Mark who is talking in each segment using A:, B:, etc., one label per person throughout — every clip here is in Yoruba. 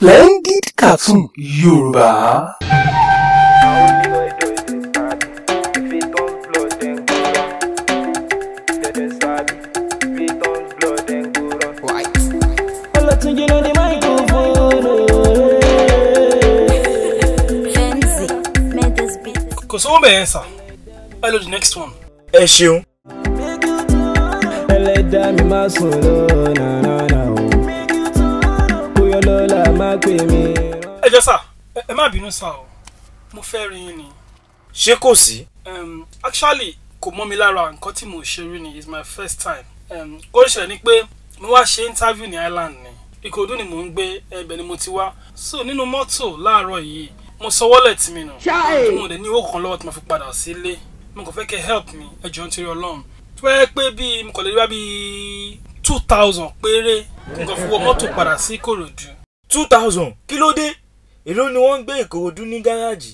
A: Splendid Cartoon Yorùbá. kò sówó bẹ̀yẹn sà ẹ lọ the next one.
B: ẹ ṣeun. ẹlẹ́dàá mi máa sùn lọ́nà.
A: pè mí. ẹ jọ sà ẹ má bínú sà o mo fẹ́ rí yín ni. ṣé kò sí. actually kò mọ́ mi lára nǹkan tí mo ṣe rí ni it's my first time. kó ṣẹlẹ̀ ni pé mo wá ṣe interview ní Ireland ni Ìkòròdú ni mò ń gbé ẹ̀bẹ̀ ni mo ti wá so nínú mọ́tò láàárọ̀ yìí mo sọ wallet mi nù tí mo dẹ̀ ní owó kan lọ́wọ́ tí mo fi padà sílé mo kàn fẹ́ kẹ́ help mi ẹ jọ̀ọ́ nítorí Ọlọ́run tó yẹ pé bíi mo kàn lè rí bá bíi two thousand péré mo kàn fi wọ mọ́tò padà sí Ìkòròdú two thousand kí ló dé èló ni wọ́n ń gbé ìkòròdú ní gáràjì.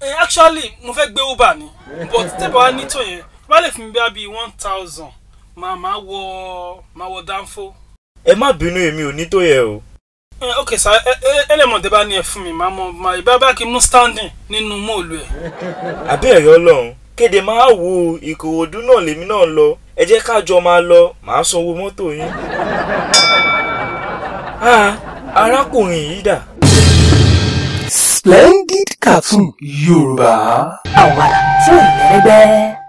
A: ẹ eh, actually mo fẹ́ gbé uber ni but tẹ́bà wa nítò yẹn bá lè fi mi bá bíi one thousand màá máa wọ máa wọ dánfó.
B: ẹ má bínú èmi ò ní tó yẹ o.
A: ẹ eh, ok sir ẹ ẹ lẹ́mọ̀ tẹ́ bá ní ẹ fún mi màá mọ màá ìbá bá kí n mú standing nínú móòlù ẹ. àbí ẹ̀rọ ọlọ́run
B: kéde máa wo ìkòròdú náà lèmi náà lọ ẹ jẹ́ ká jọ máa lọ màá sanwó mọ́tò yín. Ah, arákùnrin yìí dà.
A: Splendid Cartoon Yorùbá àwàdà tí ò lẹ́gbẹ́.